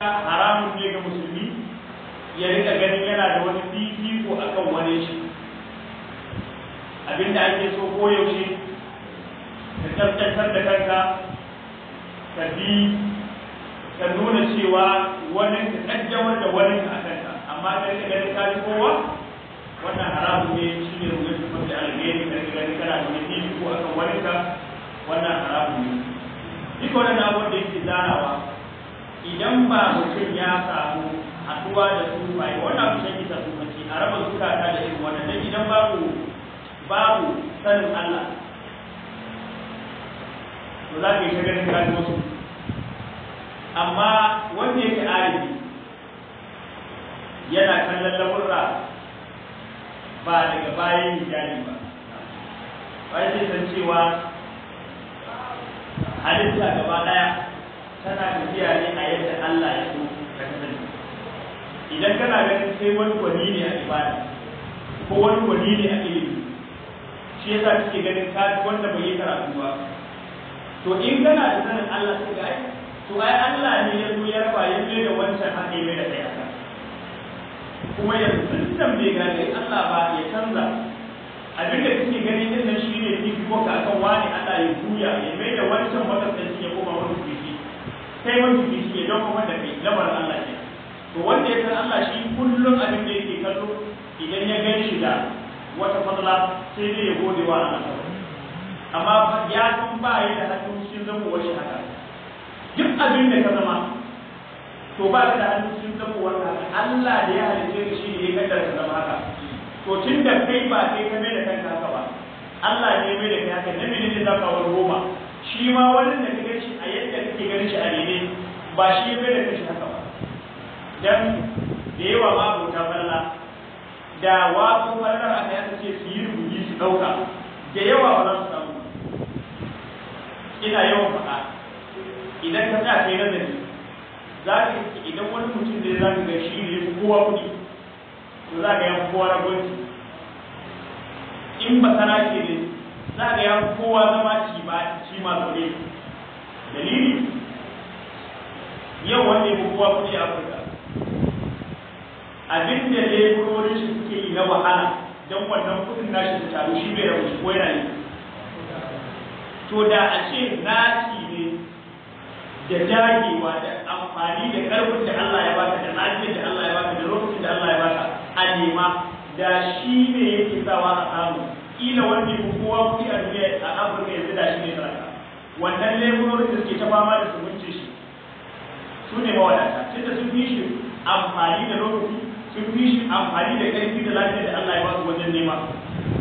haramun ne ga musulmi ya rika ganin yana da wani fifiko a kan wani shi abinda ake so koyaushe ka tabbatar da kanka ka bi ka nuna cewa wani ka kaddamar da wani a kanka amma ka rika ganin ka kowa wannan haramun ne shi ne rubutu mafi alheri ka rika ganin kana da wani fifiko a kan wani ka wannan haramun ne duk abubuwan da yake zarawa idan ba mutum ya samu haɗuwa da su sufaye wannan abu shi kisa mace a raba zukata da irin wannan dan idan babu babu sanin Allah to za ka yi ta kan amma wanda yake alibi yana kallon lamurra ba daga bayan hijabi ba ba sai san cewa halitta gaba ɗaya tana tafiya ne a yadda Allah ya so ta kasance idan kana ganin sai wani gwani ne a ibada ko wani gwani ne a ilimi shi yasa kike ganin ka wanda bai yi karatu ba to in kana da sanin Allah sai ga to ai Allah ne ya zo ya raba ya da wancan haɗe mai da kai haka kuma sun san bai gane Allah ba ya canza abin da kake ganin din nan shine ne ko ka wani Allah ya juya ya mai da wancan wata kai wani jiki shi don kuma da kai lamarin Allah ke to wanda ya san Allah shi kullum abin da yake kallo idan ya gan shi da wata fadla sai dai ya gode wa Allah amma ya san ba ya da hannu sun zama wani haka duk abin da ka zama to ba ka da hannu sun zama wani haka Allah da ya halitta shi ne ya kaddara ka zama haka to tun da kai ba sai ka mai da kanka haka ba Allah ne mai da kai haka namiji ne za ka wani goma shi ma wani da kaga shi a yadda kake ganin shi a nemi ba shi ya da kashi haka ba dan da yawa ma abota falla da wasu fallar aka yasa ce su yi rubuji su ɗauka, da yawa ba za su samu ina yawan faɗa idan ka tsaya kai nazari za ka yi idan wani mutum da za ka ga shi ne kowa kuɗi to za ka yi kowa na gwamnati in ba ta ke ne za ga ya kowa zama shi ba shi ma kuɗi dalili yau wanda kuwa kowa kuɗi a Afirka abin da leburorin shi suke yi na wahala don wannan kudin nashi da taru shi bai rabu ko yana yi to da a ce naci ne da dagewa da amfani da karfin da Allah ya baka da lafiyar da Allah ya baka da lokacin da Allah ya baka a nema da shi ne yake sawa a samu kila wanda ya wa kuɗi a duniya a afirka yanzu da shi ne talaka wannan leburorin da suke ta fama da su wuce shi su ne mawadata tunda sun fi shi amfani da lokaci sun fi shi amfani da ƙarfi da lafiya da Allah ya ba su wajen nema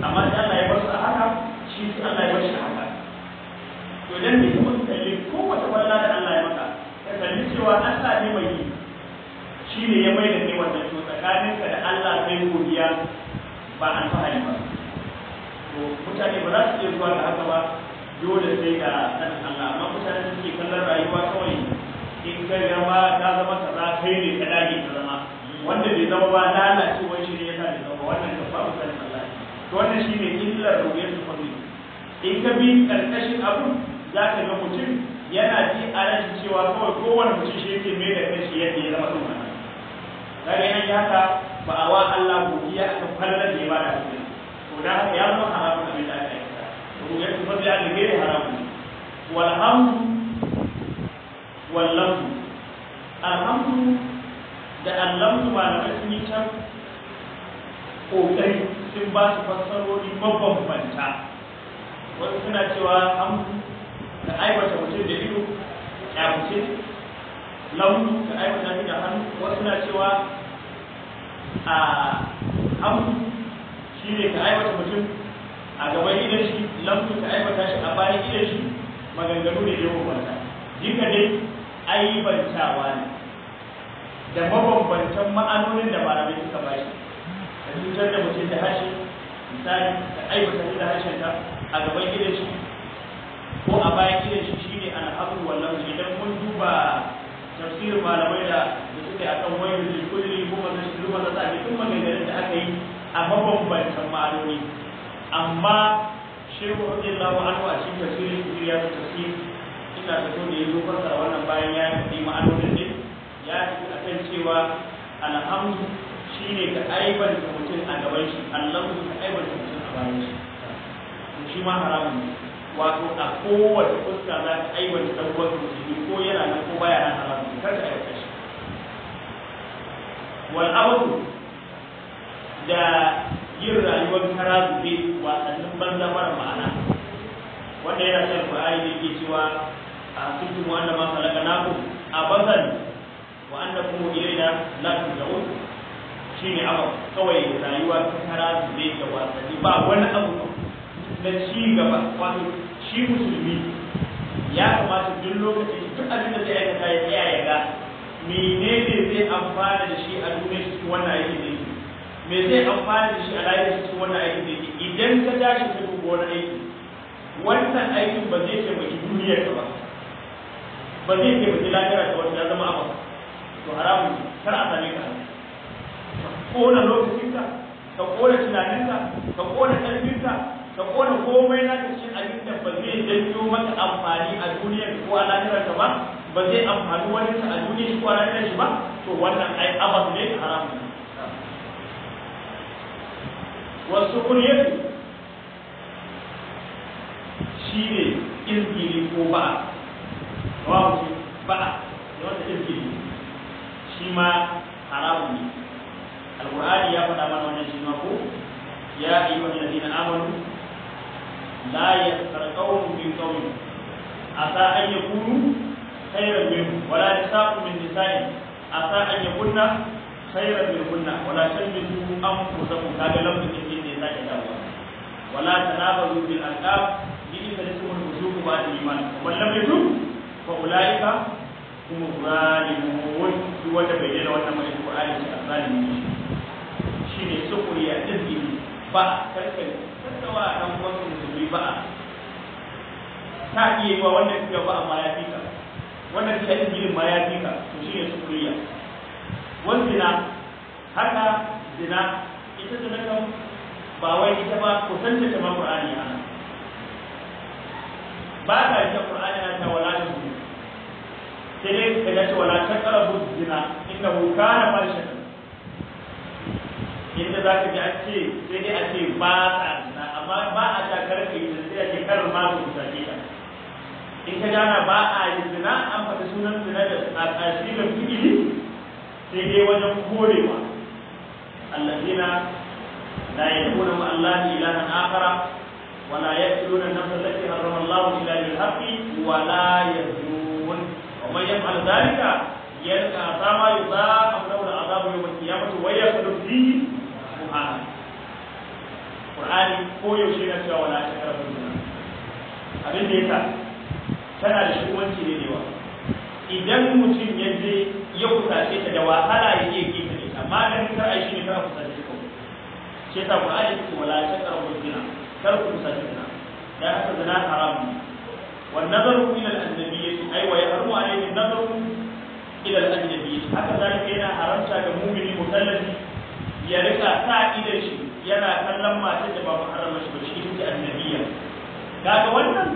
amma da Allah ya ba su a haka shi su Allah ya ba shi a haka to dan ne kuma kalli kowace walla da Allah ya maka ka kalli cewa an sa ne mai yi shi ne ya mai da ne wannan to tsakaninka da Allah sai godiya ba an fahimta ba to mutane ba za su iya zuwa da haka ba dole sai da san Allah amma mutane suke kallon rayuwa kawai in ya ba ta zama kaza kai ne ka dage ka zama wanda bai zama ba lalacewar shi ne yasa bai zama wannan da babu ba Allah to wannan shine illar ruwayatul ne, in ka bi karkashin abun za ka ga mutum yana ji a cewa kawai kowane mutum shi yake mai da kashi yadda ya zama sun mana. Kare nan haka ba a wa Allah godiya a kan fallar da ya ba da mutum. guda ya zama haramun abin da aka yi ruya su mafi an gere haramun walhamdu wallamdu alhamdu da allamdu malamai sun yi can ƙoƙari sun ba su fassarori mabambanta wasu suna cewa hamdu da aibata mutum da ido ya ƙyafuce launu da aibata da hannu wasu suna cewa a hamdu shi ne ka aibata mutum a gaban idan shi lamtu ka aibata shi a bayan idan shi maganganu ne yau wata duka dai aibantawa ne da mabambantan ma'anonin da malamai suka ba shi da cutar da mutum da hashe misali ka aibata shi da harshen ta a gaban idan shi ko a bayan idan shi shi ne al'abu wallahu idan mun duba tafsirin malamai da da suke akan wayar da kulli ko mazan shi ruwa da tsaki tun da aka yi a mabambantan ma'anoni amma shehu radiyallahu anhu a cikin tafsirin jiriya ta tafsir ina da so da yazo fasara wannan bayan ya yi ma'anonin din ya yi kan cewa alhamdu shine ka da mutum a gaban shi allahu ka da mutum a bayan shi shi ma haramun ne wato a kowace fuska za ka aiwata dan uwan musulmi ko yana nan ko baya nan haramun kar ka aiwata shi wal abu da yin rayuwar kara wasannin banza mara ma'ana wanda yana ku ayi da ke cewa a cikin wanda ma salaka ku? a bazan wa anda kuma ilaina la shi ne abu kawai rayuwa ta kara da wasanni ba wani abu na ci gaba wato shi musulmi ya kamata duk lokacin duk abin da zai aikata ya tsaya ya ga menene zai amfana da shi a duniya cikin wannan aikin ne me zai amfani da shi a rayuwar shi cikin wannan aikin da yake idan ka tashi ka duba wani aiki wannan aikin ba zai taimaki duniyar ka ba ba zai taimaki lafiyar ka wata ya zama abu to haramun kar a same ka ka kona lokacinka ka ka kona tunaninka ka kona ƙarfinka ka kona komai na ka cin abin da ba zai janyo maka amfani a duniyar ko a lafiyar ka ba ba zai amfani wani ka a duniyar ko a lahirar shi ba to wannan ai abas ne haramun wasu kunyatu shi ne izgiri ko ba'a babu ba'a da wanda izgiri shi ma haramun ne alƙur'ani ya faɗa mana wannan shi ma ko ya yi wa ladina amanu la ya yasar qawmun min qawmin asa an yakunu khayran minhum wala nisa'un min nisa'in asa an kunna. khairan min kunna wala talbisu ta kaga lafzin din ne zaka dawo wala tanabazu bil alqab bi inna lakum al-wujub wa al-iman wa lam yatub fa ulaika hum zalimun duk wanda bai yana wannan mai Qur'ani shi zalimi shi ne sukuriya izini ba karkai tattawa dan wannan musulmi ba ta iya yiwa wa wannan ba amma ya fika wannan shi izini ya to shi ne wani zina haka zina ita zina kan ba wai ita ba kusanta ta ma qur'ani ana ba ta ita qur'ani ana ta wala ta sai dai ka ga wala ta karabu zina inda innahu kana fashatan inda za ka ji a ce sai dai a ce ba a zina amma ba a takar ka yi sai a ce kar ma ku zaki ta in ka gana ba a yi zina an faɗi sunan zina da a tasirin fi'ili sai dai wajen korewa allazina la yad'una ma Allah ilahan akhara wa la yaqtuluna an-nafsa allati harrama Allah illa bil haqqi wa la yaznun wa man yaf'al dhalika yalqa azaba yudha'af lahu al-'adhab yawm al-qiyamah wa yakhlud fihi muhana Qur'ani ko yaushe na cewa wala shakara abin da yasa tana da shugabanci ne da idan mutum ya je ya kusace wahala ya iya kisa da ita maganin kar a yi shi ne kar a kusa da ita shi yasa ku ayi ku wala ta karbu zina kar ku kusa da zina dan haka zina haram ne wan nazaru ila al-annabiyyah ay wa yahrumu alayhi nazaru ila al-annabiyyah haka zalika yana haramta ga mu'mini Musallati. ya rika sa idan shi yana kallon matar da ba mu haramta shi ba shi ne annabiya. kaga wannan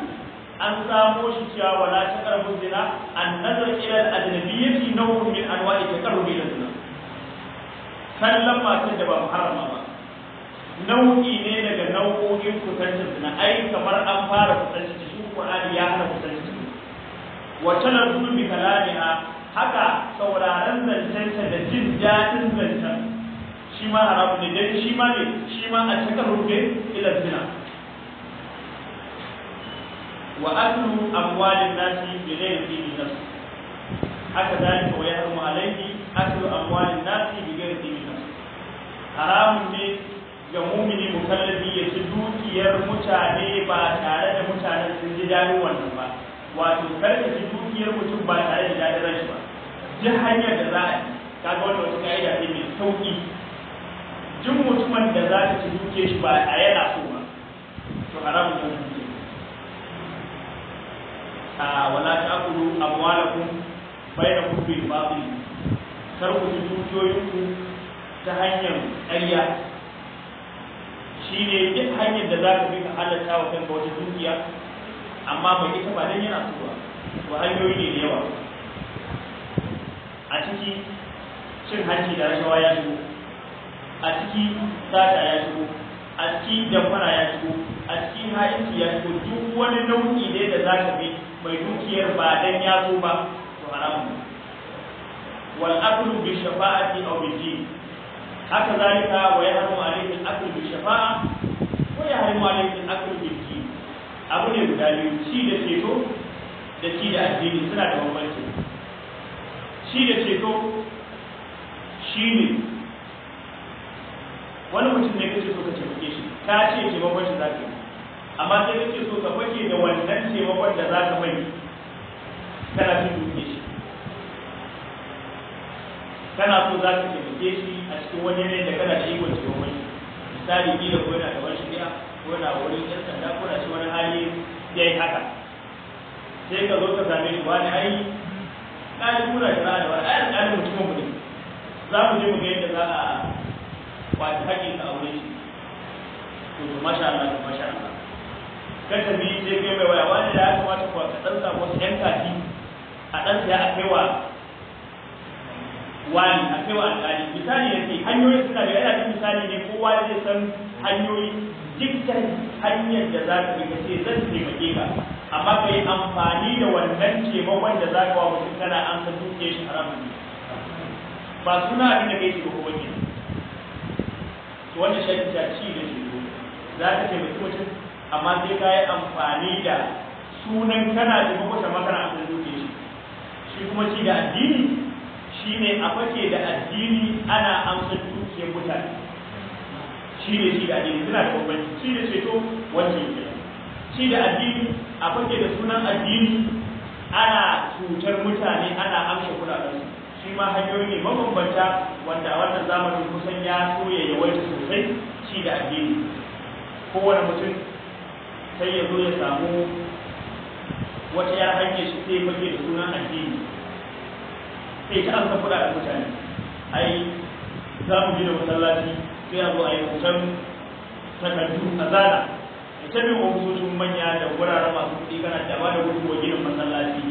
an samo shi cewa wala ta karbu zina an nazar ila al-ajnabiyyati naw'un min anwa'i karbu ila zina Sallan matan da ba harama ba nau'i ne daga nau'o'in kusanci zina ai kamar an fara kusanci shi Qur'ani ya hana kusanci wa talar zulmi kalamiha haka sauraron zancenta da jin dadin zancen shi ma haramu ne dan shi ma ne shi ma a cikin rubbe ila zina وأكل أموال الناس بغير دين نفس haka zalika wa yahrum alayhi aklu amwalin nasi bi ghairi dinin haramun ne ga mumini mukallafi ya ci dukiyar mutane ba tare da mutanen sun ji dadin wannan ba wato kar ka ci dukiyar mutum ba tare da dadin rashi ba duk hanyar da za a yi kaga wannan wata ka'ida ce mai sauki duk mutumin da za ka ci dukiyar shi ba a yana so ba to haramun ne wala ta'kulu amwalakum ba su yi. kar ku dukiyoyinku ta hanyar ayya shine duk hanyar da za ka bi ka halatta wa kanka wata dukiya amma bai ita ba dan yana so ba hanyoyi ne da yawa a ciki cin hanci da rashawa ya shigo a ciki sata ya shigo a ciki damfara ya shigo a ciki ha'inci ya shigo duk wani nau'i ne da za ka bi mai dukiyar ba dan ya zo ba to haramun wal aqlu bi shafa'ati aw bi din haka zalika wa yahrumu alayhi al aqlu bi shafa'a wa yahrumu alayhi al aqlu bi din abu ne da biyu ci da ceto da ci da addini suna da bambanci ci da ceto shine wani mutum ne kace so ka ce shi ka ce ce bambanci zaka yi amma sai ce so ka fake da wannan makon da za ka mai kana fi duke shi kana so za ka taimake shi a cikin wani ne da kana da wani taimakon shi misali kila ko yana da wani shari'a ko yana wurin yan sanda ko na shi wani hali ya yi haka sai ka zo ka same shi wani ai ɗalin kura da za a da wani ai ɗalin mutumin mutum za mu je mu ga yadda za a kwaci haƙƙin ka a wurin shi to masha Allah masha Allah ka tafi sai kai mai waya wani da ya kamata kuwa ka ɗan samu wasu ƴan kati a ɗan sai a kai wa wani a kai wa alƙali misali ya ce hanyoyi suna da yana da misali ne kowa zai san hanyoyi dukkan hanyar da za ka bi sai ce zan taimake ka amma ka yi amfani da wannan taimakon da za ka wa mutum kana an ka duke shi haramun ba suna abin da kai ce ba kuma ke to wannan ta ci da shi za ka taimaki mutum amma sai ka yi amfani da sunan kana da makwashe makana a kan zuke shi shi kuma shi da addini shi ne a fake da addini ana amsa dukiyar mutane shi ne shi da addini suna da bambanci shi ne ceto wancan ke shi da addini a fake da sunan addini ana cutar mutane ana amsa su. shi ma hanyoyi ne mabambanta wanda wannan zamanin kusan ya so ya yawaita sosai shi da addini kowane mutum sai ya zo ya samu wata ya hanke shi sai fage da sunan addini sai ta amsa kuɗa da mutane ai za mu gina masallaci sai a zo a yi hoton takardu a zana ita bin ofisoshin manya da wurare masu kuɗi kana da ba da gudunmuwa ginin masallaci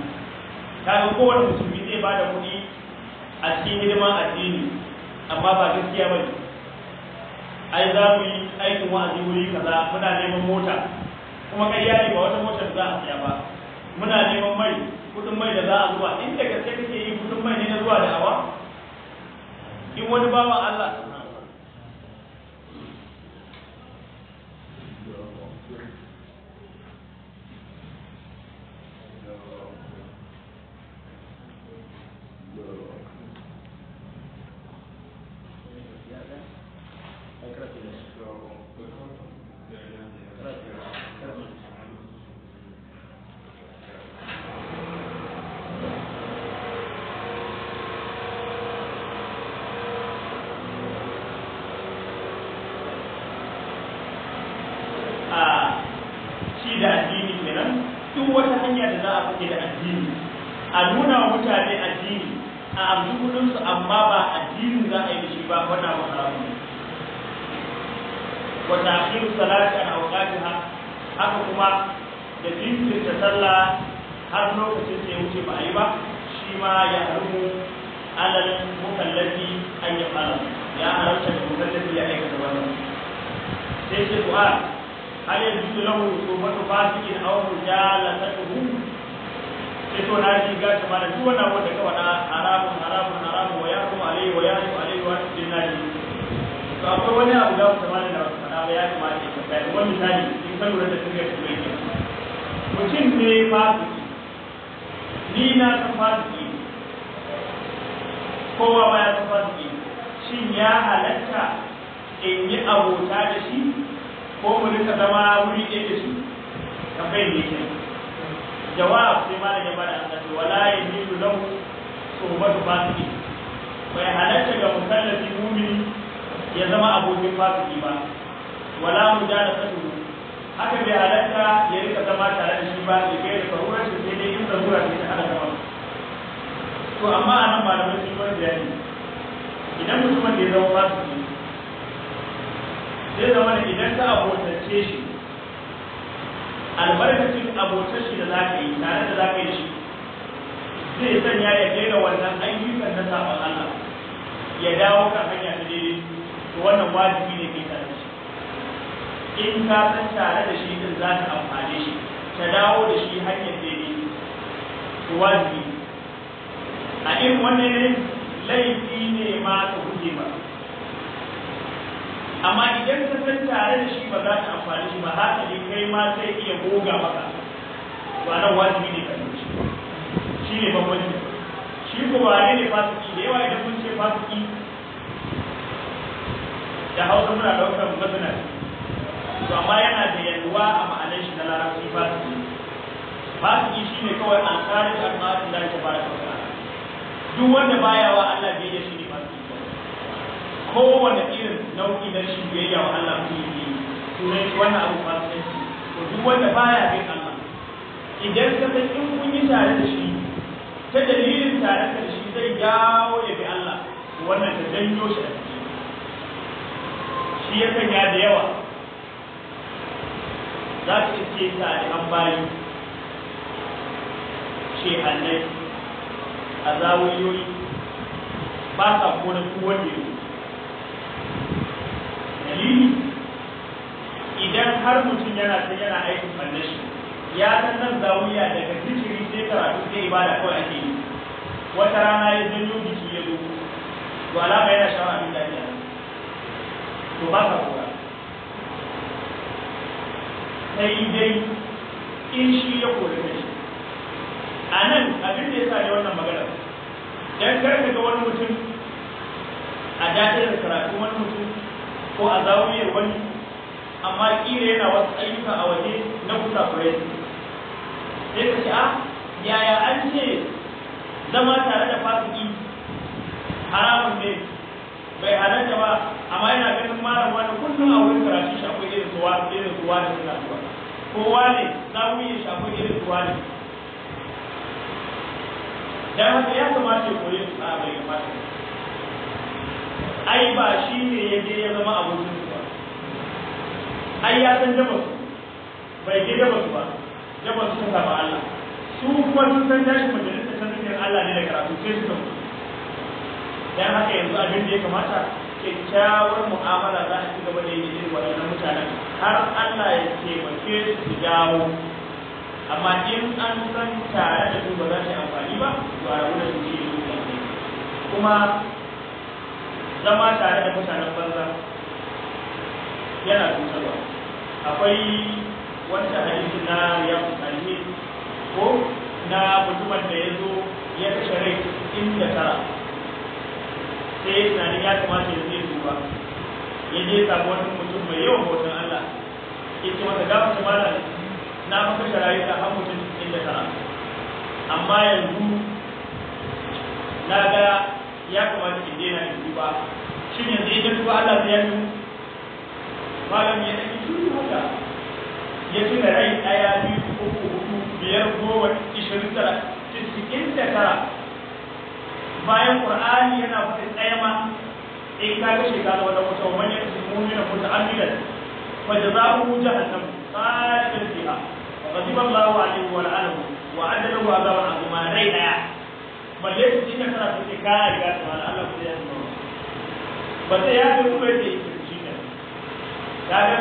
Ta ga kowane musulmi zai ba da kuɗi a cikin hidiman addini amma ba gaskiya ba ne ai za mu yi aikin wa'azi wuri kaza muna neman mota kuma kai ya ba wata motar za a saya ba muna neman mai kudin mai da za a zuwa inda gaske kake yi kudin mai ne na zuwa da hawa in wani bawa Allah addini a nuna wa mutane addini a amshi kudinsu amma ba addini za a yi shi ba wannan ba wata wa ta'khiru a hauƙaƙi awqatiha haka kuma da da sallah har lokacin da ya wuce ba a yi ba shi ma ya haramu alal mukallafi an ya fara ya haramta da mukallafi ya aikata wannan sai ce du'a har yanzu lahu tubatu fasikin ta mujalatatuhu ce na shi gashi ma duk wannan wanda ka wada haramun haramun haramun wa yakum alayhi wa yakum alayhi wa yakum alayhi to akwai wani abu da kuma da na fada ba ya kuma ce ka kai wani misali in ka lura da tunga ku ne mutum ne fasiki ni na san fasiki kowa ba ya san fasiki shin ya halatta in yi abota da shi ko mu rika zama wuri ɗaya da shi tambayar ne kenan jawab sai malam ya bada amsa ce wala yajidu lahu sobatu fasiki bai halatta ga mukallafi mumini ya zama abokin fasiki ba wala mujalasatu haka bai halatta ya rika zama tare da shi ba da gaira faruwar shi sai dai in zarura ne ta halaka ba to amma a nan malamai sun bar bayani idan mutumin da ya zama fasiki zai zama da idan ka abotance shi albarkacin abokan shi da za ka yi tare da za ka yi shi zai sanya ya jera wannan ayyukan na sabon Allah ya dawo kan hanya ta daidai to wannan wajibi ne ke tare shi in ka san tare da shi din za ka amfane shi ta dawo da shi hanyar daidai to wajibi a in wannan laifi ne ma ka guje masa amma idan ka san tare da shi ba za ka amfani shi ba haka ne kai ma sai iya goga maka ba nan wajibi ne ka shi shi ne bambanci shi ko wane ne fasiki da yawa idan kun ce fasiki da hausa muna daukar mazina to amma yana da yalwa a ma'anar shi na larabci fasiki fasiki shi ne kawai an kare shi amma Allah ya tabaraka duk wanda baya wa Allah bai da shi kowane irin nau'i na da yawa Allah ku yi turai wannan abu ba su to duk wanda baya bin Allah idan ka san in kun yi tare da shi ta dalilin tare da shi zai dawo ya bi Allah wannan ta janyo shi a ciki shi ya sanya da yawa za ka iske da an bayi hannai a zawuyoyi ba sa kone duk wanda ya dalili idan har mutum yana ta yana aikin fallashi ya san nan zawiya daga zikiri sai karatu sai ibada kawai ake yi wata rana ya janyo biki ya zo to alama yana shawar abin da ya to ba ka kura sai dai in shi ya kori kai a nan abin da ya sa ne wannan magana dan kar ka ga wani mutum a dajin karatu wani mutum ko a zawiyar wani amma kila yana wasu ayyuka a waje na kusa kusakurai sai ka ce a yaya an ce zama tare da fasiki haramun ne bai halatta ba amma yana ganin malam wani kullum a wurin karatu shi akwai irin suwa irin zuwa da suna zuwa kowa ne zawiyar shi akwai irin suwa ne dan haka ya kamata ya koyi su a bayan fasiki ai ba shi ne ya je ya zama abokin su ba ai ya san jama su bai je jama su ba jama su ta ba Allah su kuma sun san tashi ta san zikin Allah ne da karatu sai su tafi dan haka yanzu abin da ya kamata kyakkyawar mu'amala za a ci gaba da yin irin waɗannan mutanen har Allah ya taimake su dawo amma in an san tare da su ba za su amfani ba ba rabu da su ce kuma zama tare da mutanen banza yana tutarwa akwai wanda hadisi na ya kusanni ko na mutumin da ya zo ya kashe rai da tara sai na ni ya kamata ya zai duba ya je samu wani mutum mai yawan hoton Allah ya ce masa gafa ta na maka kashe rayuka har mutum da tara amma yanzu na ga ya kamata in daina da duba shin yanzu ta tuba Allah zai yi malam ya ɗan yi haka ya tuna rai ɗaya biyu uku hudu biyar goma ishirin tara cikin da tara bayan ƙur'ani yana faɗin ɗaya ma in ka kashe ka ga da wata wani yadda sun mummi na kuta amilan fa jaza'uhu jahannam khalidan fiha wa ghadiba Allahu alayhi wa la'anahu wa adala wa azaban kuma rai ɗaya balle su shi na tana su ce kaya riga su mana Allah ku ya su ba sai ya ce kuma yake shi ne ya ga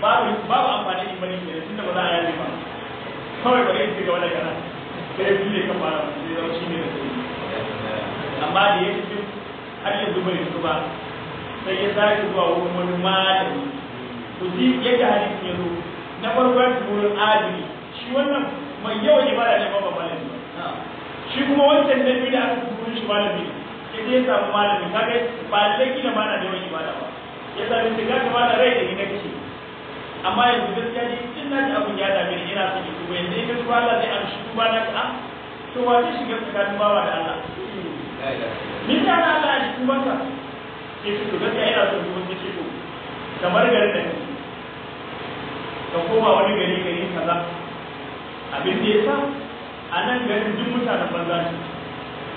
babu babu amfani in bani ne tunda ba za a yaje ba kawai ba in shiga wani kana sai su ne kan fara sai ya shi ne da su amma da ya ci har yanzu bai su ba sai ya sake zuwa wurin wani malami ku ji yadda hadisi ya zo na farkon wurin adili shi wannan mai yawan ibada ne ba ba malami ba shi kuma wancan na biyu da aka shi malami sai dai sa samu malami kaga ba lallai kila ma na da wani ibada ba ya sami shiga ka ba da rai da ina ce amma yanzu gaskiya ne in na ji abun ya da ni ina son ya tuba yanzu ina tuba Allah zai amshi tuba na ka to wa zai shiga tsakanin bawa da Allah min da na Allah ya tuba ka sai su tuba sai ina son mun ci to kamar garin da ka koma wani gari gari kaza abin da ya sa a nan garin duk mutanen banza su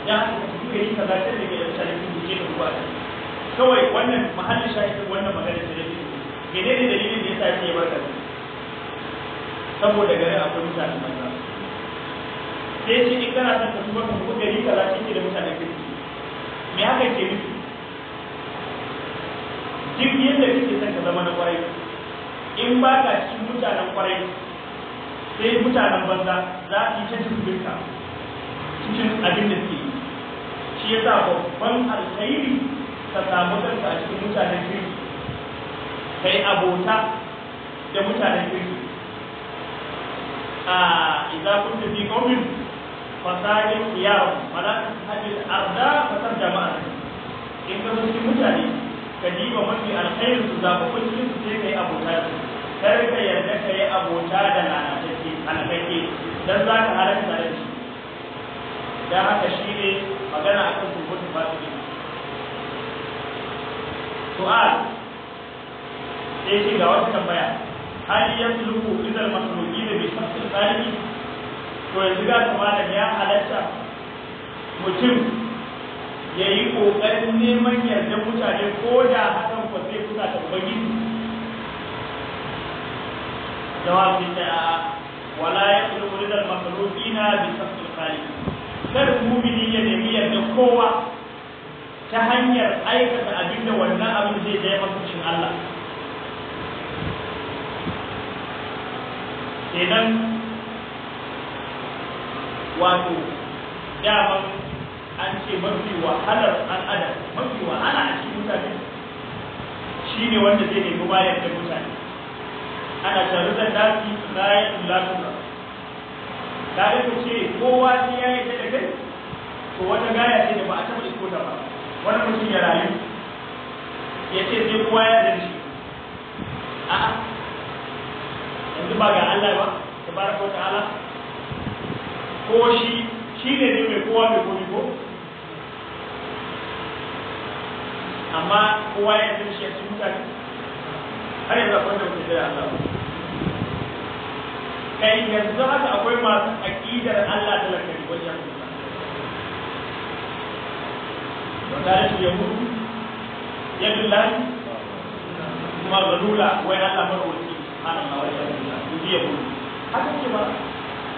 ya haka su suka yi kaza ta daga da shari'a su ke da ruwa kawai wannan mahallin shahidin wannan magana da yake mene ne dalilin da ya sa ke barka saboda garin akwai mutanen banza sai shi in kana son ka kuma ka kuma gari kaza shi ke da mutanen kirki me haka ke nufi duk yadda kake son ka zama na kwarai in ba ka cikin mutanen kwarai sai mutanen banza za a yi cikin dukka cikin abin da suke yi shi ya sa babban alkhairi ka samu kanka a cikin mutanen kirki kai abota da mutanen kirki a idan kun tafi kaumin fasahin yawon mana da arda fasar jama'a in ka zo cikin mutane ka diba mafi alkhairi su zaɓaɓɓun cikin su sai ka yi abota da kar ka yarda ka yi abota da lalatai halakake dan za ka halar da shi dan haka shi ne magana akan hukunci fasiki su'al sai ce ga wata tambaya hali ya tuluku idan makhluki da bi shakkin tsari to yanzu ga da ya halarta mutum ya yi ƙoƙarin neman yarda mutane ko da hakan ba sai kusa ta ubangiji jawabi da wala yaqulu ridal makhluqina bi sabbil khaliq kar mu'mini ya nemi yadda kowa ta hanyar aikata abinda wannan abin zai je masa Allah kenan wato daman an ce mafi wahalar al'ada mafi wahala a cikin mutane shi ne wanda zai nemi bayan da mutane ana sharuɗan nasi na ya tula ba da yi ku ce kowa sai ya yi da kai to wata gaya ce da ba a taɓa iko ta ba wani mutum ya rayu ya ce sai kowa ya zai shi a'a yanzu ba ga Allah ba tabaraka ko ta'ala ko shi shi ne ne mai kowa mai komi ko amma kowa ya zai shi a cikin mutane har yanzu akwai da mutum da Allah kai yanzu haka akwai masu aƙidar Allah da lakari wajen da rashin yahudu yadda lafi kuma zalula wai Allah marwaci ana wajen da ya yahudu haka ce ba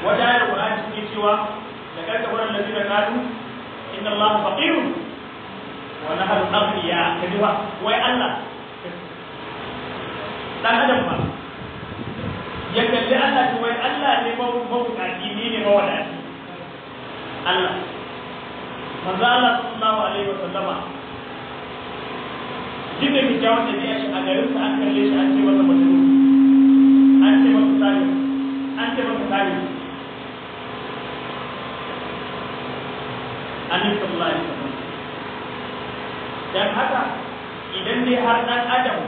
wata ayar Qur'ani ke cewa da karkabar lalzina kadu inna Allah faqirun wa nahal aghniya kaji ba wai Allah dan adam ba ya kalli Allah ta wai Allah ne mabukaci ni ne mawadaci Allah manzo Allah sallallahu alaihi wa sallama duk da kyakkyawar tafiya shi a garin sa an kalle shi an ce masa mutum an ce masa tsari an ce masa tsari annabi sallallahu alaihi wa sallam dan haka idan dai har dan adam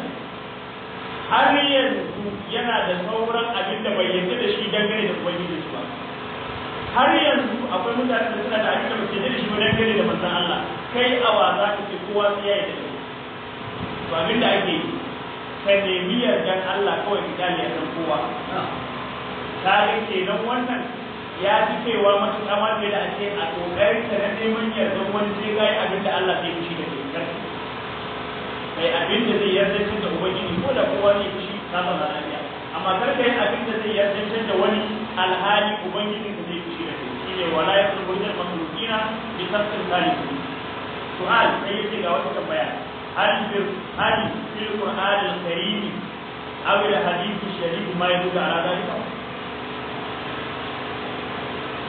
har yanzu yana da sauran abin da bai yadda da shi dangane da ubangiji su ba har yanzu akwai mutane da suna da abin da bai yarda da shi ba dangane da manzon Allah kai awa za ka ce kowa sai ya su ba abin da ake yi ka nemi yardan Allah kawai ka kyale yardan kowa kaga kenan wannan ya fi cewa matuƙa ma da ake a ƙoƙarin ta na neman yardan wani sai ga abin da Allah zai fushi da ke kai abin da zai yarda da ubangiji ko da kowa ne fushi ka zauna lafiya amma kar yi abin da zai yarda da wani alhali ubangiji da zai fushi da kai shine wala ya ila al-makhluqina bi tafsir zalik su'al sai yake ga wata tambaya hal bir hal fil qur'an al-karim aw al hadith al-sharif ma yadullu ala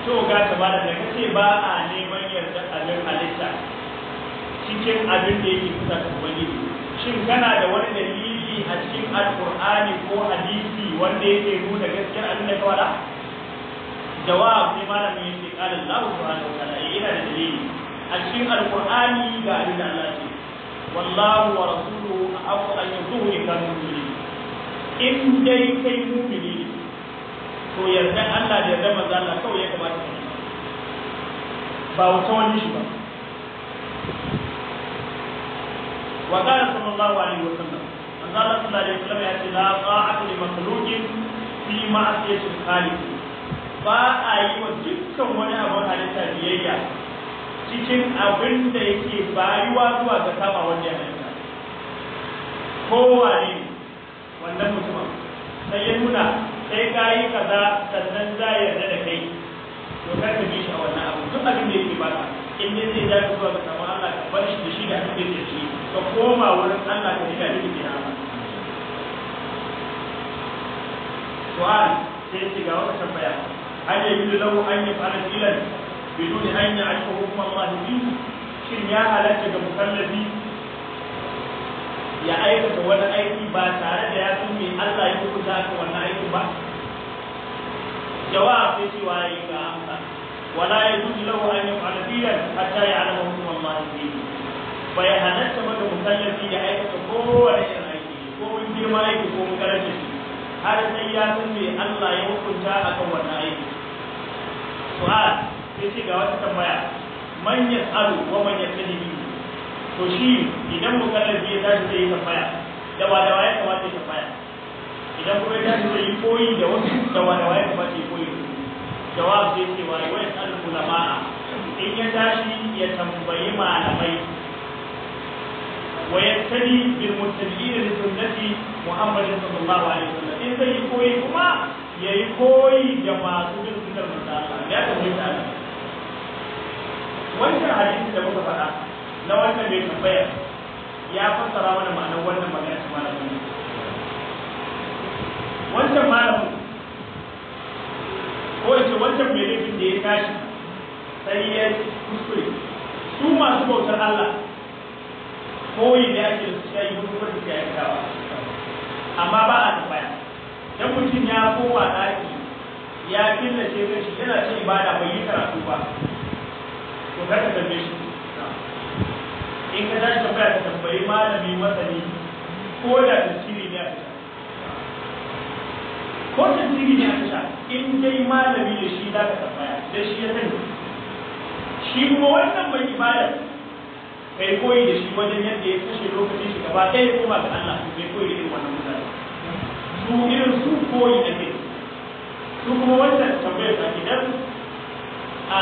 to ga ta ba da ce ba a neman yarda Allah halitta cikin abin da yake kusa da ubangiji shin kana da wani dalili a cikin alkur'ani ko hadisi wanda yake nuna gaskiyar abin da ka faɗa jawab sai ne yake kala Allah subhanahu wa ta'ala eh, yana da dalili a cikin alkur'ani ga abin da Allah ce wallahu wa rasuluhu a'afu an yuzuhu ikan mu'minin in dai kai mu'mini to yarda Allah da yarda manzo Allah kawai ya kamata ba wuta wani shi ba وقال صلى الله عليه وسلم أن قال صلى الله عليه وسلم يأتي لا طاعة لمخلوق في معصية الخالق ba وجدت من wa dukkan wani cikin abin da yake bayuwa zuwa ga kama wanda ya halitta kowane wannan mutumin sai ya nuna sai ka yi kaza sannan za ya yarda da kai to ka ka bi shi a wannan abu duk abin da yake ba in dai zai dace zuwa ga kama Allah ka bar shi da shi da abin da yake ka koma wurin Allah ka shiga da kiyama su'al sai ce ga wata tambaya yi bi lahu an fara filan biduni an ya'rifa hukm Allah bihi shin ya halatta ga musallabi ya aikata wani aiki ba tare da ya san me Allah ya hukunta ka wannan aikin ba jawab sai ce waye ga amsa wala yajuzu lahu an yaf'ala filan hatta ya'lama hukm Allah bihi bai halatta maka musallafi da aikata kowane irin aiki ko mun girma aiki ko mun karanta shi har sai ya san me Allah ya hukunta kan wannan aiki su'al sai ce ga wata tambaya man yas'alu wa man yastajibu to shi idan mukallafi ya tashi sai ya tambaya da wa da wa ya kamata ya tambaya idan kuma ya tashi sai ya koyi da wasu da wa da wa ya kamata ya koyi jawab sai ce wa ya yas'alu ulama in ya tashi ya tambayi malamai ويقتدي بالمتبعين لسنة محمد صلى الله عليه وسلم إن زي كوي كما يي كوي جماعة من سنة المسألة لا تقول تعالى wancan hadisi da muka faɗa na wannan mai tambaya ya fassara mana ma'anar wannan magana ta malamin wancan malamin ko wancan mai laifin da ya tashi sai ya kuskure su masu bautar Allah koyi da ake su shayi ko kuma su shayi kawa amma ba a tambaya dan mutum ya koma daki ya killace kanshi yana cin ibada bai yi karatu ba to kada ka tambaye shi in ka tashi tambaya ka tambayi malami masani ko da tafsiri ne a ko tafsiri ne a tasha in dai malami da shi za ka tambaya da shi ya sani shi kuma wannan mai ibadar kai koyi da shi wajen yadda ya kashe lokacin shi gaba ɗaya kuma ga Allah su kai koyi da irin wannan mutane su irin su koyi da kai su kuma wannan tambayar ta idan a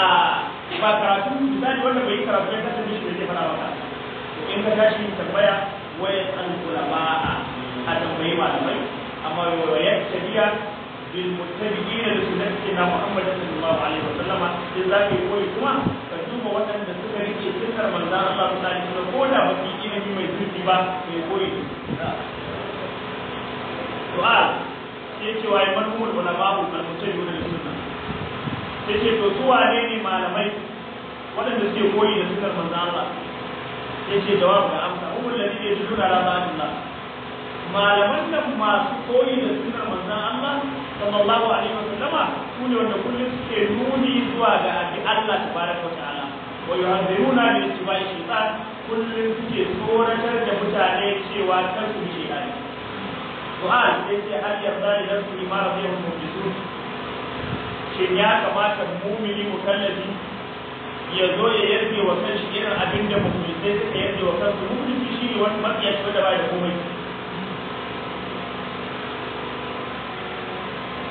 ba karatu misali wanda bai yi karatu ya kasance shi da zai fara maka in ka tashi tambaya waya an kula ba a tambayi malamai amma waya shari'a bil muttabiqina li sunnati na Muhammad sallallahu alaihi wasallam in zaka yi koyi kuma ma waɗanda suka rike sunnar manzan Allah ta ne da ko da ba su yi ilimi mai zurfi ba mai koyi a sai ce wa yaman umar wala babu kalmutar yi wani sunna sai ce to su wane ne malamai waɗanda suke koyi da sunnar manzan Allah sai ce jawabu da amsa umar ladhi yajiduna la ba'dillah malaman nan masu koyi da sunnar manzan Allah sallallahu alaihi wasallama su ne wanda kullum suke nuni zuwa ga abin Allah tabaraka wa ta'ala wa yuhadhiruna min ittiba'i shaytan kullum suke tsoratar da mutane cewa kar su bi shaytan to a sai ce har yarda idan su yi mara zai mu bi su shin ya kamata mumini mukallafi ya zo ya yarda wa kanshi irin abin da mutum sai ya yarda wa su, mu mutum shi ne wani matsiyaci da bai da komai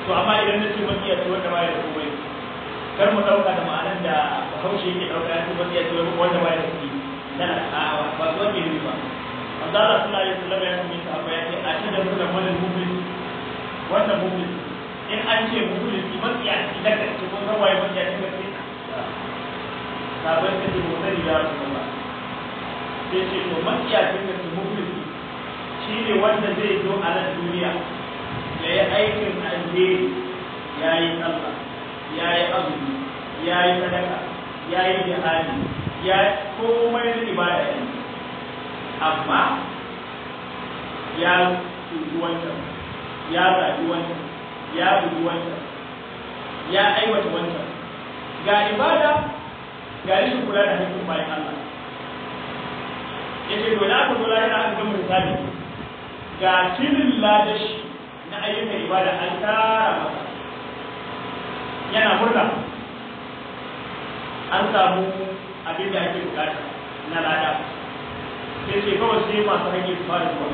to amma idan na ce matsiyaci wanda bai da komai kar mu ɗauka da ma'anar da bahaushe yake ɗauka ya tuba ya tuba wanda baya da kuɗi tana awa ba su wani ne ba amma Allah suna yin sulama ya kuma ta ya ce a ce da da mana mublis wannan mublis in an ce mublis ki mafi a ci daga ci ko kan waye mafi a cikin daga ci sabon ka ce mu sani ya su ba sai ce to mafi a cikin daga ci mublis shi ne wanda zai zo a nan duniya ya yi aikin alheri ya yi sallah ya yi azumi ya yi sadaka ya yi jihadi ya komai na ibada ne amma ya tuzu wancan ya zaɓi wancan ya bugi wancan ya aiwata wancan ga ibada ga rashin kula da hakkin bayan Allah yace dole na ka kula da hakkin misali ga kilin ladashi na ayyukan ibada an tara masa yana murna an samu abin da ake bukata na lada sai ce kawai sai masu rage su fara zuwa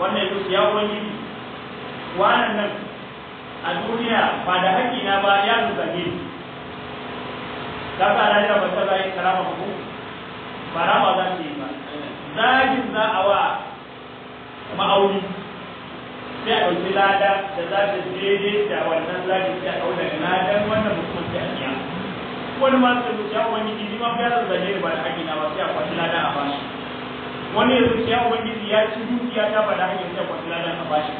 wannan ya su yawon gidi wannan nan a duniya ba da haƙƙi na ba ya zuzage ni ka sa na ba ta zai karama ku ba rama za su yi ba zagin za a wa ma'auni sai a ɗauki lada da za ta daidai da wannan zaɓi sai a ɗau daga ladan wannan mutum sai a biya wani ma sai ya ubangiji ni ma bayar da ne ba da haƙi na ba sai a kwashi ladan a bashi wani ya zuciya ubangiji ya ci dukiya ta ba da haƙi sai a kwashi ladan a bashi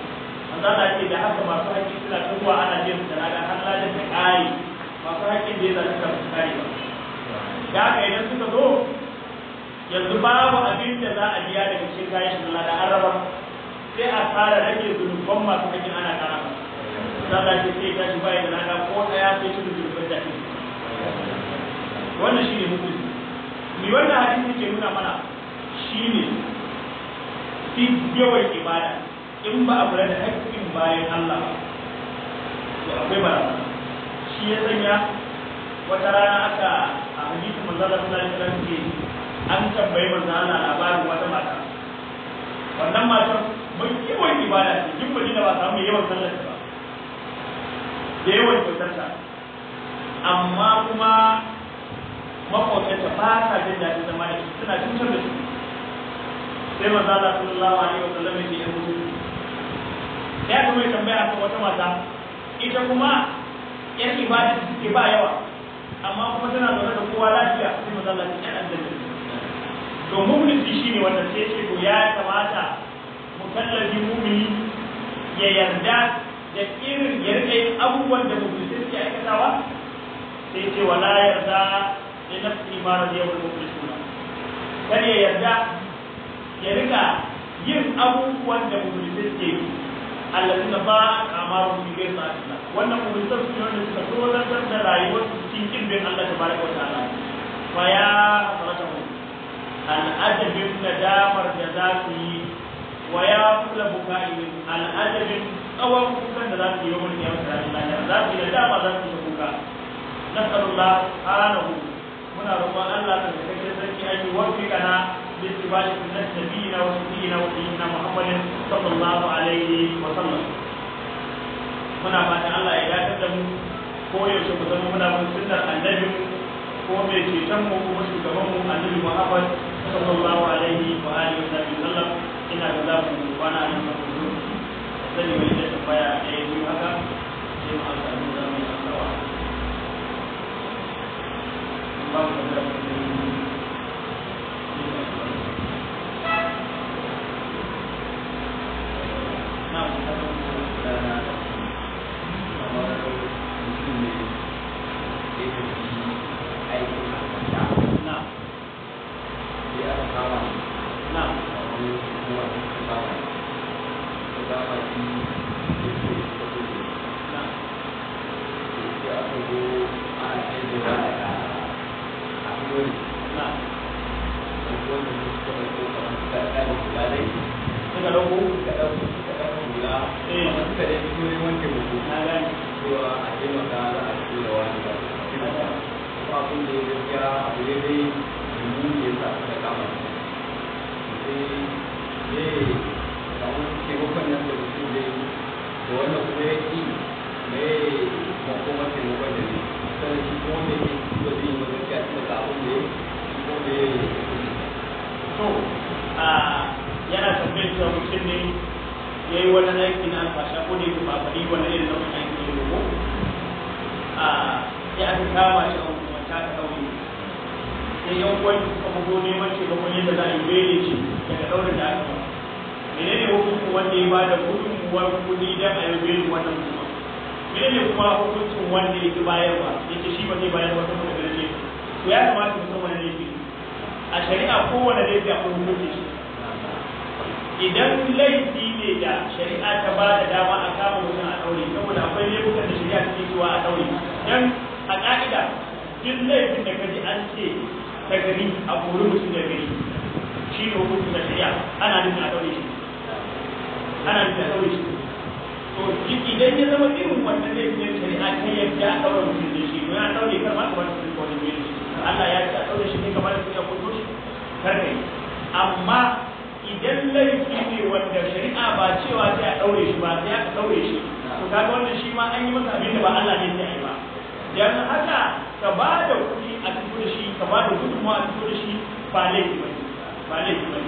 manzo Allah ce da haka masu haƙi suna tuwa ana jin da ladan har ladan ta ƙare masu haƙin da ya zaɓi ka su ƙare ba da haka idan suka zo yanzu babu abin da za a biya daga cikin kayan shi da ladan an raba sai a fara rage zunuban masu kakin ana karama sallah ce sai ta shi bayan rana ko daya sai shi zunuban da shi wannan shine hukunci ni wannan hadisi ke nuna mana Shi ne, duk yawan ibada in ba a kula da haƙƙin bayan Allah to akwai ba shi ya sanya wata rana aka a hadisi manzo Allah sallallahu alaihi wasallam an tambayi manzo Allah labarin wata mata wannan matan mai kiwon ibada ce jin madina ba samu mai yawan sallar ba da yawan kyautar ta amma kuma makwabtanta ba sa jin daɗin zama da su suna cutar da su sai maza da sallallahu ne wa sallam yake yin mutu ya kuma yi tambaya kan wata mata ita kuma yan ibada suke ba yawa amma kuma tana zaune da kowa lafiya sai maza da yan aljanna to mu'min shi ne wannan sai ce to ya kamata tallafi mumini ya yarda da irin yarda yin abubuwan da mutum ke aikatawa sai ce wala yarda da nafsi ma radiyallahu mukhlisuna kar ya yarda ya rika yin abubuwan da mutum suke yi allazi na ba amaru bi ghayri sa'ila wannan mutum su ne da suka da rayuwar su cikin bin Allah tabaraka wa ta'ala ba ya faratahu al'adabin nadamar da za su yi Waya kula buga bukai al'ajabin tsawon kukan da za su yi wa mulki yawon tarihi lahira za su yi da dama za su yi muna Allah ta kake sarki an yi wafi kana باتباع سنة نبينا وسيدنا وسيدنا محمد صلى الله عليه وسلم muna fatan Allah ya dakatar da mu ko yaushe mu zama muna bin sunnar annabi ko mai ceton mu kuma shugaban mu annabi Muhammad sallallahu alaihi wa alihi wa sallam ina ga za mu kwana nan ba ku sani mai da a ɗaya biyu haka sai mu amsa za mu yi amsawa suka dauko suka dauko suka dauko guda eh. kuma suka dai fito ne wanke muku na gani cewa a taimaka za a fito da wani ba kuma abin da ya gaskiya abu ne dai jimu ya sa suka kama sai ne kamar taimakon nan da mutum dai da wannan kuma ya ƙi makoma da ne sannan shi kuma mai ƙi zai yi gaskiya suka abin da ya kuma da ya yi yana tambayar cewa mutum ne ya yi wani aiki na alfasha ko ne yake ba gari wani irin nau'in aiki ne ko a ya aka kama shi a hukumanta ta ɗaure sai yan uwan suka bugo neman kwanye yadda za a yi bele shi daga ɗaurin da aka ba menene hukuncin wanda ya ba da gudunmuwar kuɗi don a yi bele wannan kuma menene kuma hukuncin wanda ya ki bayarwa ya ce shi ba zai bayar wata kuma da ya kamata mutum wani laifi a shari'a kowane laifi kuma hukuncin shi idan laifi ne da shari'a ta ba da dama a kama mutum a ɗaure saboda akwai laifukan da shari'a ta cewa a ɗaure don a ƙa'ida duk laifin da kaji an ce ta gari a kori mutum da gari shi ne hukuncin da shari'a ana nufin a ɗaure shi ana nufin a ɗaure shi to idan ya zama irin wannan laifin shari'a ta yadda a ɗaure mutum da shi don a ɗaure kar ma kamar shi ko da Allah ya ce a ɗaure shi ne kamar su ya kudu shi kar ka yi amma idan laifi ne wanda shari'a ba cewa sai a ɗaure shi ba sai a ɗaure shi to kaga wannan shi ma an yi masa abin da ba Allah ne ya yi ba dan haka ka ba da kuɗi a cikin da shi ka ba da gudunmawa a cikin da shi ba laifi ba ba laifi ba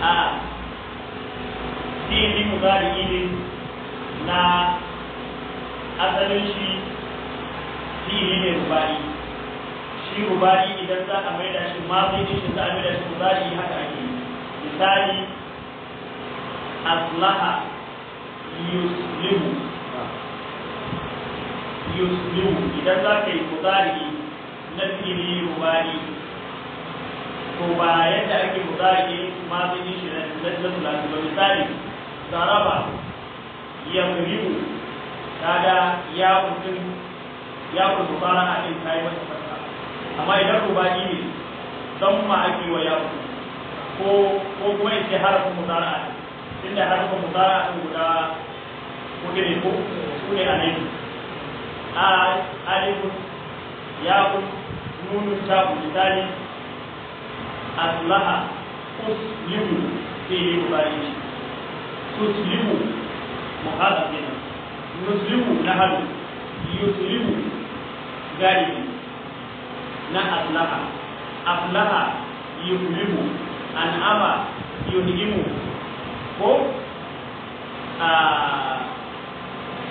Ah. fili na asalin shi fili ne rubari shi rubari idan za a maida shi mafi shi za a maida shi haka ake misali aslaha yuslimu yuslimu idan za ka yi muzari na fili rubari ba yadda ake shi na ba misali zaraba yamriu kaga ya mutum ya mutum fara a ta yi masa fata amma idan ji ne don ma ake wa ya ko ko kuma ce harafin mutara inda harafin mutara guda kuke ne ko a ɗin a alaihi ya ku nunu ta ku misali aslaha uslimu fi ne yuslimu mukhada kenan yuslimu na hadu yuslimu galibi na aslaha aslaha yuslimu aba yuslimu ko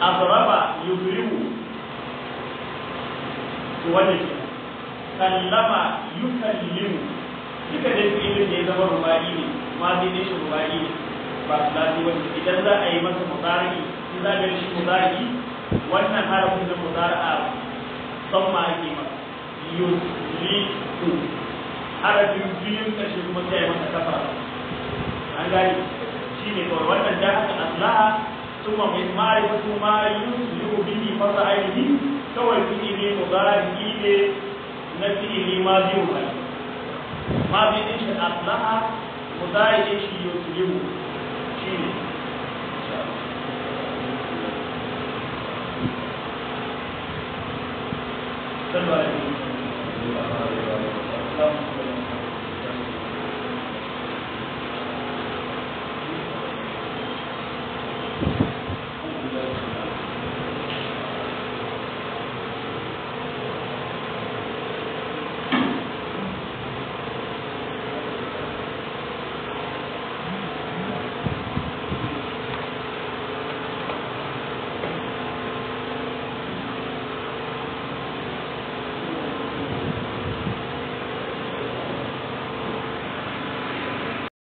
azraba yuslimu to wannan sallama yukallimu duka da fi'ilin da ya zama rubari ne ma dai ne shi rubari ne ba salati ba idan za a yi masa mudari in za a yi shi mudari wannan harafin da mudari'a son ma ake ma yusriku harafin biyun ƙarshe kuma sai ya masa kafa an gani shi ne kawai wannan da haka aslaha ba su ma ما يسلم به فضعيه kawai fiɗi ne mu ba ni ne na fiɗi ne ma biyu ba ma bi ɗin shi aslaha mu za shi yau su yi sallallahu alaihi wasallam